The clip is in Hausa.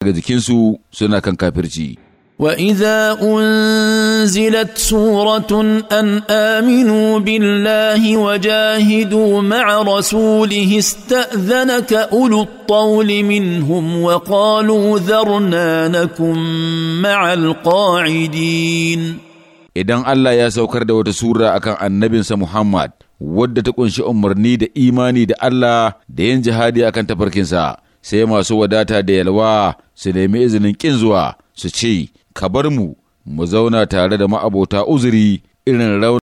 daga jikinsu suna kan kafirci. وإذا أنزلت سورة أن آمنوا بالله وجاهدوا مع رسوله استأذنك أولو الطول منهم وقالوا ذرنا نكن مع القاعدين إذن الله يا سوكر دا وتسورة أكان النبي محمد wadda ta ƙunshi umarni da imani da Allah da yin jihadi akan tafarkinsa sai masu wadata da yalwa su nemi izinin ƙin zuwa su ce, Ka bar mu, mu zauna tare da ma'abota uzuri irin